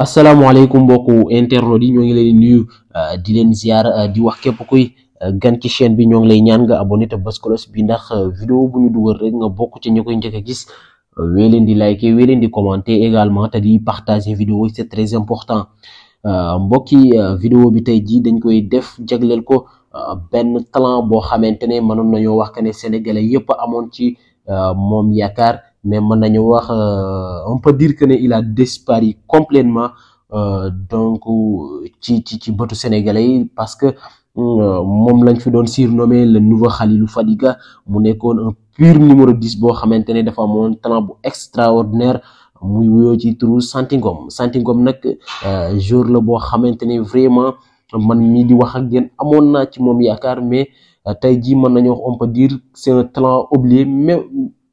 asalaamaaleykum mbokku internautes yi ñoo ngi leen di nuyu uh, di leen ziar uh, di wax képp kuy uh, gan ci chaîne bi ñoo ngi lay ñaan nga abonné te bës cloche bi ndax vidéo bu ñu dugal rek nga bokk ci ñu koy njëkk a gis wee leen di liker wee leen di commenter également te di partager vidéo yi c'est très important mbokki vidéo bi tey jii dañ koy def jagleel ko benn talent boo xamante ne mënoon ñoo wax que ne sénégalais yëpp amoon ci moom yaakaar. mais mën nañu wax euh, on peut dire que il a disparu complètement euh, donc ci ci ci botu sénégalais parce que euh, mon lañ fi doon surnommé le nouveau Khalilou Fadiga mu nekkoon un pur numéro 10 bo xamante ne dafa un talent bu extraordinaire muy wuyoo ci turu Santingom Santingom nak jour le bo à maintenir vraiment man mi di wax ak à mon âge ci mom yakar mais tay ji mën nañu wax on peut dire c'est un talent oublié mais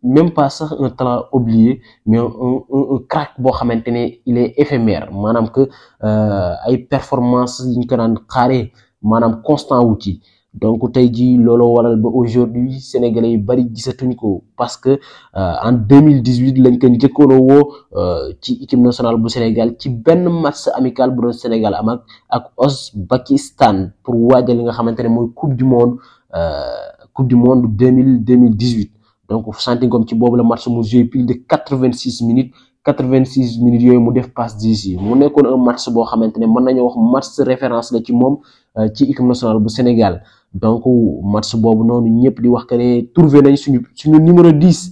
même pas sax un talent oublié mais un un crack bo xamantene il est éphémère manam que euh, ay performance yi ko daan xaaree manam constant outil donc tey jii looloo waral ba aujourd'hui sénégalais yu bari gisatuñ ko parce que euh, en deux mille dix huit lañ ko njëkkoon wo euh, ci équipe nationale bu Sénégal ci ben match amical bu doon Sénégal am ak ak pakistan pour waajal li nga xamantene moy coupe du monde euh, coupe du monde deux mille deux mille dix huit donc Santy ci boobu la match mu joué plus de quatre vingt six minutes quatre vingt six minutes yooyu mu def passe dix yi mu nekkoon un match boo xamante ne mën nañoo wax match référence la ci moom euh, ci équipe nationale bu Sénégal donc match boobu noonu ñëpp di wax que ne trouvé nañ suñu suñu numéro dix.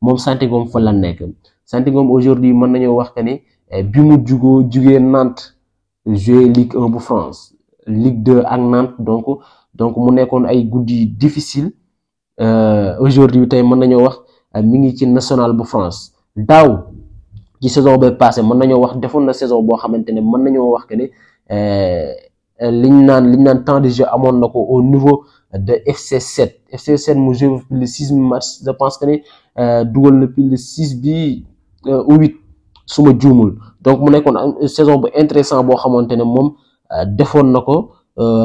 mom Santé Ngom fan la nek Santé Ngom aujourd'hui mën nañu wax que ni eh, bi mu djugo djugé Nantes joué Ligue 1 pour France Ligue 2 ak Nantes donc donc mu nekkoon ay goudi difficile euh aujourd'hui tay mën nañu wax eh, mi ngi ci national bu France daw ci saison be passé mën nañu wax defoon na saison bo xamantene ne nañu wax que ni eh, liñ nan temps de jeu mon nako au niveau de FC7 FC7 moujou le 6 match je pense que ni euh, dougal plus pile 6 bi euh, ou 8 suma djumul donc mu une euh, saison bu intéressant bo xamantene mom defon nako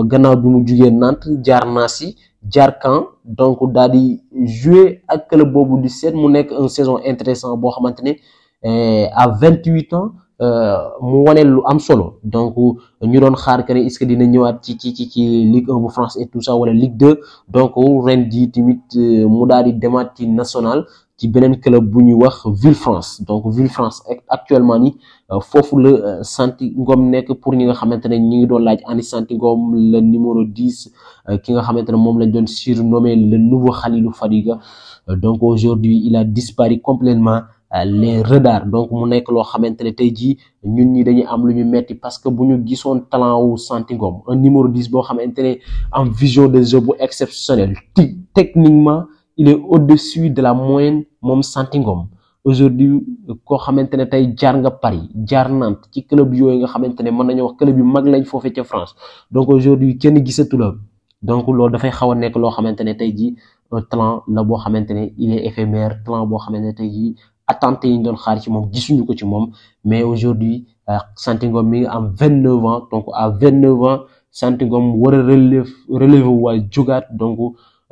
gannaaw bi mu jugé Nantes jaar Nancy jaar Caen donc dadi jouer ak club bobu du 7 mu nekk une saison intéressant bo xamantene à 28 ans euh, mu am solo donc ñu doon xaar que est-ce que dina ci France et tout ça Ligue 2 donc rendi euh, mu national ci benen club bu ñu wax donc actuellement ni euh, fofu le Santi Ngom pour ñi nga xamantene ngi le numéro 10 qui nga le nouveau Khalilou Fadiga donc aujourd'hui il a disparu complètement euh, les radars donc mu nek lo xamantene ne dit ni ñun ñi dañuy am lu ñu metti parce que buñu ñu talent wu Santingom un numéro 10 bo xamantene en am vision de jeu bu exceptionnel techniquement il est au-dessus de la moyenne mon Santingom aujourd'hui ko xamantene tay jar nga Paris jarnante Nantes ci club yo nga xamantene ami mën nañu wax club yu mag lañ fofé ci France donc aujourd'hui kenn gisatu la donc loolu dafay xaw a nekk loo a ne tey jii talent la bo xamantene il est éphémère talent bo xamantene ne attente yi ñu doon xaar ci moom gisuñu ko ci moom mais aujourd'hui euh, Santy Ngom mi ngi am 29 ans donc à 29 ans Santy Ngom war a relève relève waa jugaat donc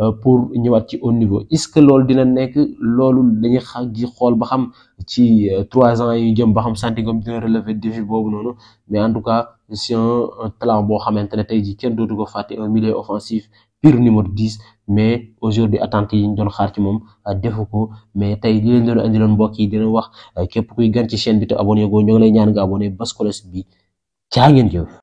euh, pour ñëwaat ci haut niveau est-ce que loolu dina nekk loolu dañuy xa gi xool ba xam ci euh, trois ans yu jëm ba xam Santy Ngom dina relever défi boobu noonu mais en tout cas c'est un talent boo xamante ne tey jii kenn dootu ko fàtte un milieu offensif pur numéro 10 mais aujourd'hui attente yi ñu doon xaar ci moom euh, defu ko mais tey li leen doon indiloon mbokk yi dina wax euh, képp kuy gan ci chaîne bi te abonné goo ñoo ngi lay ñaan nga abonné bas kolos bi caa ngeen jëf